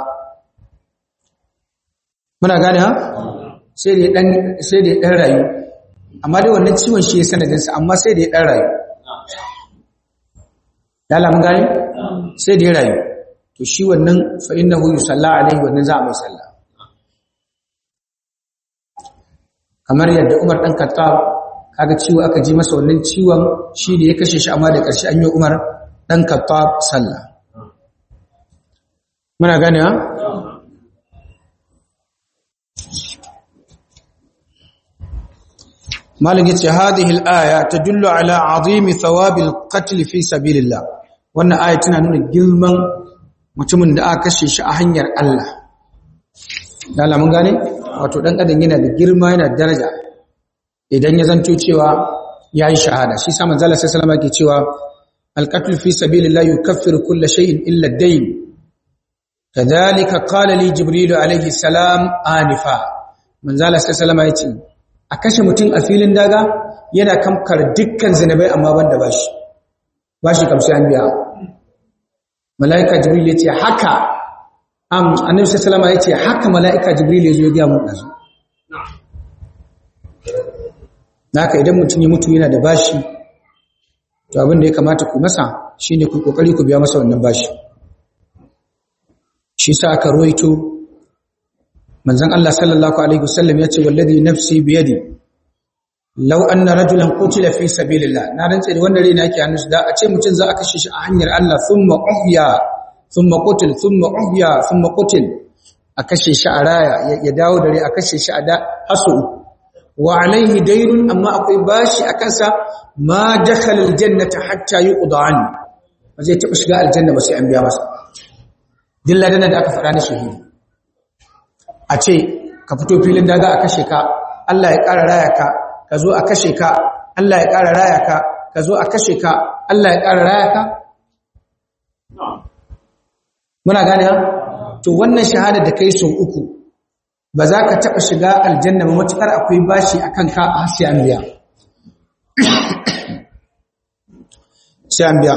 muna gane ha sai da dan sai da dan rayu amma dai wannan ciwon shi ya sanadin sa amma sai da dan rayu lala mun gane sai da rayu to shi wannan fa innahu yusalla alaihi wannan za a mai sallah kamar yadda Umar dan Khattab kaga ciwo aka ji masa wannan ciwon shi ne ya kashe shi amma da ƙarshe an yi Umar dan sallah muna gane ha Malik ce hadhihi al ta tadullu ala azimi thawabi al-qatl fi sabilillah wannan aya tana nuna girman mutumin da aka kashe shi a hanyar Allah dala mun gane wato dan adam yana da girma yana daraja idan ya zanto cewa ya yi shahada shi sa manzala sai salama ke cewa alqatl fi sabilillah yukaffiru kull shay'in illa ad-dayn kadhalika qala li jibril alayhi salam anifa manzala sai salama ya ce a kashe mutum a filin daga yana kamkar dukkan zinabai amma banda bashi bashi kamshi an biya malaika jibril ya ce haka annabi sallallahu alaihi ya ce haka malaika jibril ya zo ya gaya mu dazu naka idan mutum ya mutu yana da bashi to abin da ya kamata ku masa shine ku kokari ku biya masa wannan bashi shi sa aka roito manzon Allah sallallahu alaihi wasallam yace wallazi nafsi yadi law anna rajulan qutila fi sabilillah na rantsa da wanda raina yake hannu da a ce mutum za a kashe shi a hanyar Allah thumma uhya thumma qutil thumma uhya thumma qutil a kashe shi a raya ya dawo dare a kashe shi a da hasu wa alaihi daynun amma akwai bashi a kansa. ma dakhala aljannata hatta yuqda an zai taɓa shiga aljanna ba sai an biya masa dilladan da aka faɗa na shahidi a ce ka fito filin daga a kashe ka Allah ya ƙara raya ka ka zo a kashe ka Allah ya ƙara raya ka ka zo a kashe ka Allah ya ƙara raya ka muna gane to wannan shahada da kai sau uku ba za ka taɓa shiga aljanna ba matuƙar akwai bashi a kanka a sai an biya sai an biya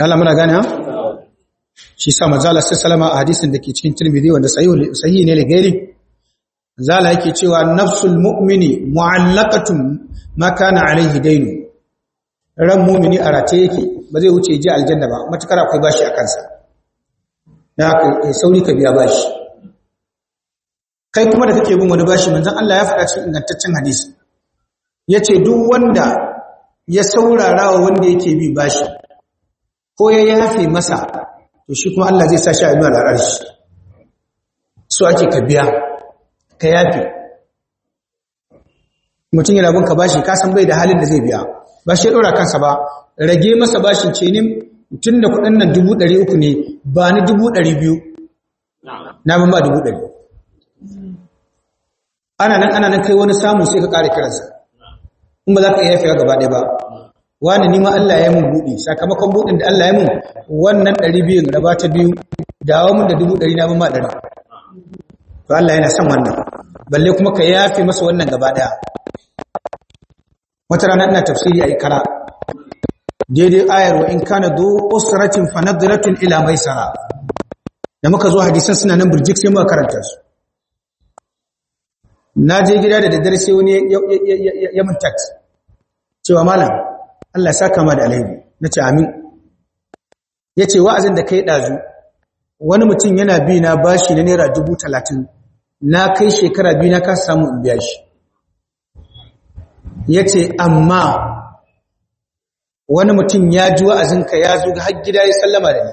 Allah muna gane ha shi sa manzala sai salama a hadisun da ke cikin tirmidhi wanda sahi ne gari. zala yake cewa nafsul mu'mini mu'allaqatun ma kana alaihi dainu ran mu'mini a rataye yake ba zai wuce ji aljanna ba matukar akwai bashi a kansa na sauri ka biya bashi kai kuma da kake bin wani bashi manzon Allah ya faɗa cikin ingantaccen hadisi yace duk wanda ya saurara wa wanda yake bi bashi ko ya yafe masa to shi kuma Allah zai sa shi a ido al'arshi so ake ka biya ka yafe mutum yana bin ka bashi ka san bai da halin da zai biya ba shi ya dora kansa ba rage masa bashin ce tun da kuɗin nan dubu ɗari uku ne ba ni dubu ɗari biyu na mamba dubu ɗari ana nan ana nan kai wani samu sai ka kare kiransa in ba za ka iya fiye gaba ɗaya ba wani nima Allah ya mun buɗe sakamakon buɗin da Allah ya mun wannan ɗari biyun ba ta biyu dawo mun da dubu ɗari na ban ba ɗari to Allah yana son wannan balle kuma ka yafe masa wannan gaba ɗaya wata rana ina tafsiri a ikara daidai ayar wa in kana do usratin fa nadratun ila maisara da muka zo hadisan suna nan burjik sai muka karanta su na je gida da daddare sai wani ya mun tax cewa malam Allah ya saka ma da alheri nace amin yace wa'azin da kai dazu wani mutum yana bi na bashi na naira talatin, na kai shekara biyu na ka samu in biya shi yace amma wani mutum ya ji wa'azinka ya zo ga har gida ya sallama da ni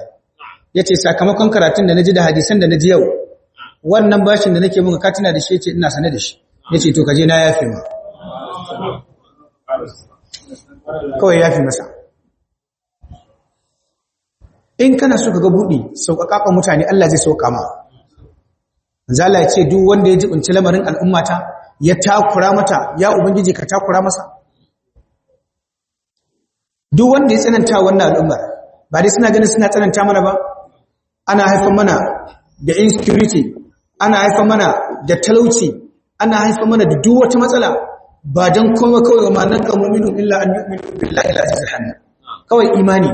yace sakamakon karatun da naji da hadisan da naji yau wannan bashin da nake muka katina da shi yace ina sane da shi yace to kaje na yafe ma kawai yafe masa in kana so kaga budi sauƙaƙa mutane Allah zai sauka ma zalla yace duk wanda ya ji lamarin al'ummata ya takura mata ya ubangiji ka takura masa duk wanda ya tsananta wannan al'ummar ba dai suna ganin suna tsananta mana ba ana haifar mana da insecurity ana haifar mana da talauci ana haifar mana da duk wata matsala ba dan kuma kawai ma nan mu'minu illa an yu'minu billahi la ilaha illa kawai imani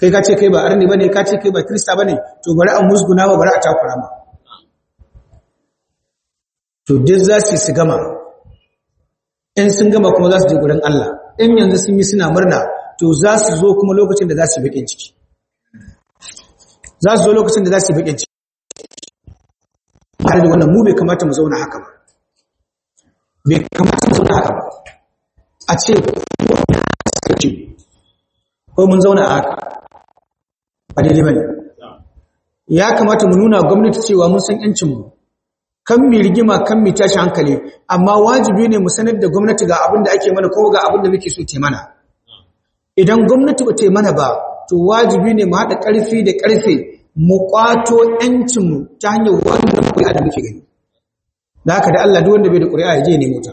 kai ka ce kai ba arni bane ka ce kai ba krista bane to bari a musguna ba bari a takura ma to duk za su su gama in sun gama kuma za su je gurin Allah in yanzu sun yi suna murna to za su zo kuma lokacin da za su bakin ciki za su zo lokacin da za su bakin ciki har da wannan mu bai kamata mu zauna haka ba bai kamata mu zauna haka ba a ce ko mun zauna a haka ba daidai ne ya kamata mu nuna gwamnati cewa mun san 'yancinmu. kan mi rigima kan mi tashi hankali amma wajibi ne mu sanar da gwamnati ga abin da ake mana ko ga abin da muke so te mana idan gwamnati ba te mana ba to wajibi ne mu haɗa ƙarfi da karfe mu ƙwato ‘yancinmu ta hanyar wannan ƙuri'a da muke gani. Da haka da Allah duk wanda bai da ƙuri'a ya je ya nemo ta.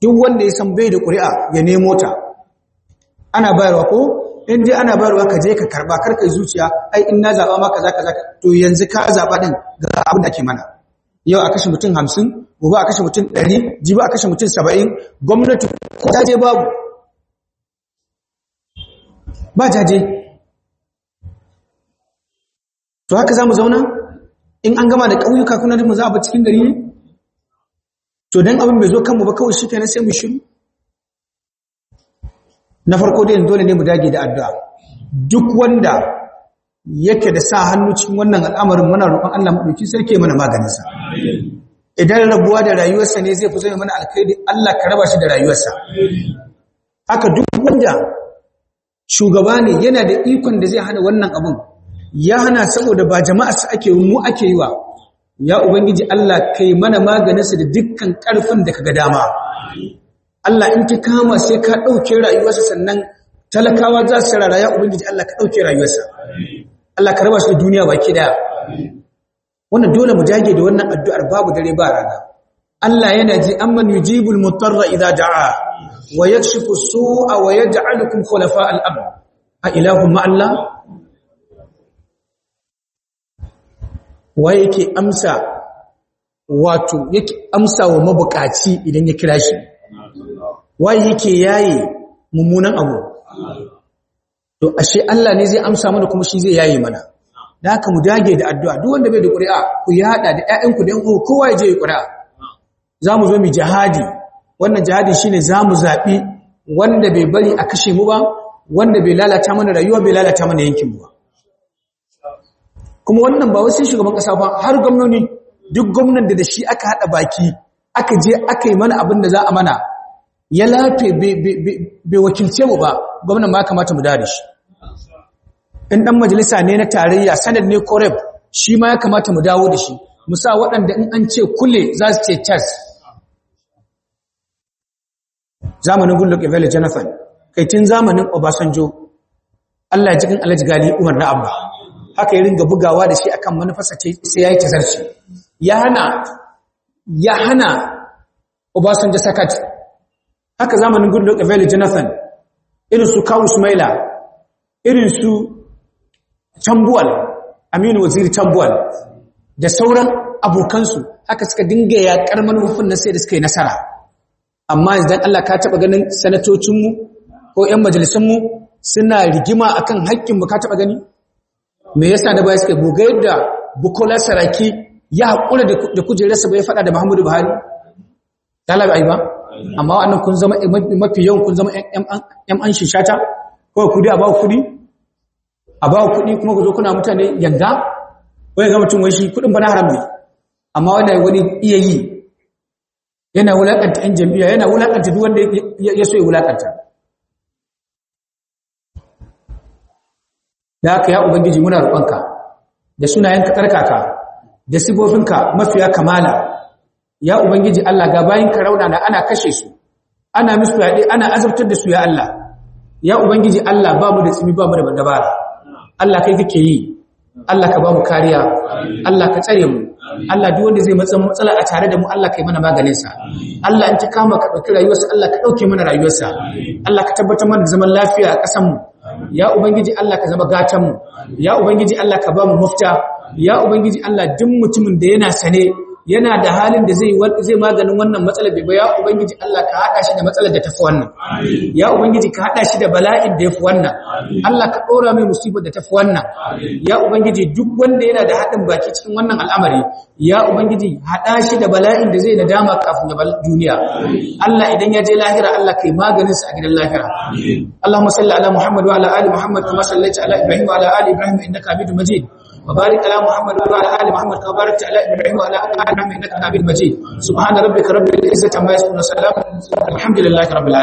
Duk wanda ya san bai da ƙuri'a ya nemo ta. Ana bayarwa ko? In dai ana bayarwa ka je ka karɓa kar ka zuciya ai in na zaɓa ma kaza kaza to yanzu ka zaba ɗin ga abin da ke mana. yau a kashe mutum hamsin gobe a kashe mutum ɗari jibi a kashe mutum saba'in gwamnati ko jaje babu ba jaje to haka za mu zauna in an gama da ƙauyuka kuna da mu za a ba cikin gari ne to don abin bai zo kanmu ba kawai shi kenan sai mu shiru na farko dai dole ne mu dage da addu'a duk wanda yake da sa hannu cikin wannan al'amarin muna roƙon Allah madauki sarki mana maganin sa idan rabuwa da rayuwarsa ne zai fito mana alkhairi Allah ka raba shi da rayuwarsa haka duk wanda shugaba ne yana da ikon da zai hana wannan abun ya hana saboda ba jama'a su ake mu ake yi wa ya ubangiji Allah kai mana maganinsa da dukkan karfin da kaga dama Allah in ki kama sai ka dauke rayuwarsa sannan talakawa za su raraya ubangiji Allah ka dauke rayuwarsa Allah ka raba shi da duniya baki daya wannan dole mu jage da wannan addu'ar babu dare ba rana Allah yana ji amman yujibul mutarra idza da'a wa yakshifu su'a wa yaj'alukum khulafa al-ard a ilahum ma Allah waye yake amsa wato yake amsa wa mabukaci idan ya kira shi waye yake yaye mummunan abu to ashe Allah ne zai amsa mana kuma shi zai yayi mana da haka mu dage da addu'a duk wanda bai da ƙuri'a ku yada da ƴaƴanku da ku kowa ya je ƙuri'a zamu zo mu jihadi wannan jihadi shine zamu zabi wanda bai bari a kashe mu ba wanda bai lalata mana rayuwa bai lalata mana yankin mu ba kuma wannan ba wasu shugaban kasa ba har gwamnati duk gwamnan da da shi aka hada baki aka je aka yi mana abin da za a mana ya lafe bai wakilce mu ba gwamnan ma kamata mu dare shi in dan majalisa ne na tarayya sanad ne ko shi ma ya kamata mu dawo da shi mu sa waɗanda in an ce kulle za su ce cas zamanin ke vela jonathan kai tun zamanin obasanjo allah ya jikin alhaji gali umar na abba haka ya ringa bugawa da shi akan manufarsa sai ya yi tazarci ya hana ya hana obasanjo sakati haka zamanin ke vela jonathan irin su kawu sumaila irin su cambuwal aminu waziri cambuwal da sauran abokansu haka suka dinga yaƙar manufofin nan sai da suka yi nasara amma idan Allah ka taɓa ganin sanatocinmu ko 'yan majalisunmu suna rigima a kan haƙƙinmu ka taɓa gani me yasa da baya suke goga yadda bukola saraki ya haƙura da kujerarsa bai faɗa da muhammadu buhari ta labi ba amma wannan kun zama mafi yawan kun zama ƴan an shata ko kudi a ba kudi a ba kudi kuma ku zo kuna mutane yanga Wani ga mutum wai shi kudin bana haram ne amma wannan wani iya yi yana wulakanta ƴan jami'a yana wulakanta duk wanda ya so ya wulakanta da haka ya ubangiji muna roƙonka da sunayenka tsarkaka da sifofinka mafiya kamala ya ubangiji Allah ga bayin ka rauna na ana kashe su ana musu yadi ana azabtar da su ya Allah ya ubangiji Allah ba mu da tsimi ba mu da dabara Allah kai kake yi Allah ka ba kariya Allah ka tsare mu Allah duk wanda zai matsa matsala a tare da mu Allah kai mana maganin sa. Allah in ta kama ka dauki rayuwarsa Allah ka dauke mana rayuwarsa Allah ka tabbatar mana zaman lafiya a kasan mu ya ubangiji Allah ka zama gatan mu ya ubangiji Allah ka ba mu mafita ya ubangiji Allah duk mutumin da yana sane yana da halin da zai zai maganin wannan matsalar da ba ya ubangiji Allah ka hada shi da matsalar da tafi wannan ya ubangiji ka hada shi da bala'in da yafi wannan Allah ka dora mai musibar da tafi wannan ya ubangiji duk wanda yana da hadin baki cikin wannan al'amari ya ubangiji hada shi da bala'in da zai nadama kafin ya duniya Allah idan ya je lahira Allah kai maganin sa a gidan lahira Allahumma salli ala Muhammad wa ala ali Muhammad kama sallaita ala Ibrahim wa ala ali Ibrahim innaka Hamidum Majid وبارك على محمد وعلى ال محمد كما باركت على ابراهيم وعلى ال ابراهيم انك حميد مجيد سبحان ربك رب العزه عما يصفون وسلام الحمد لله رب العالمين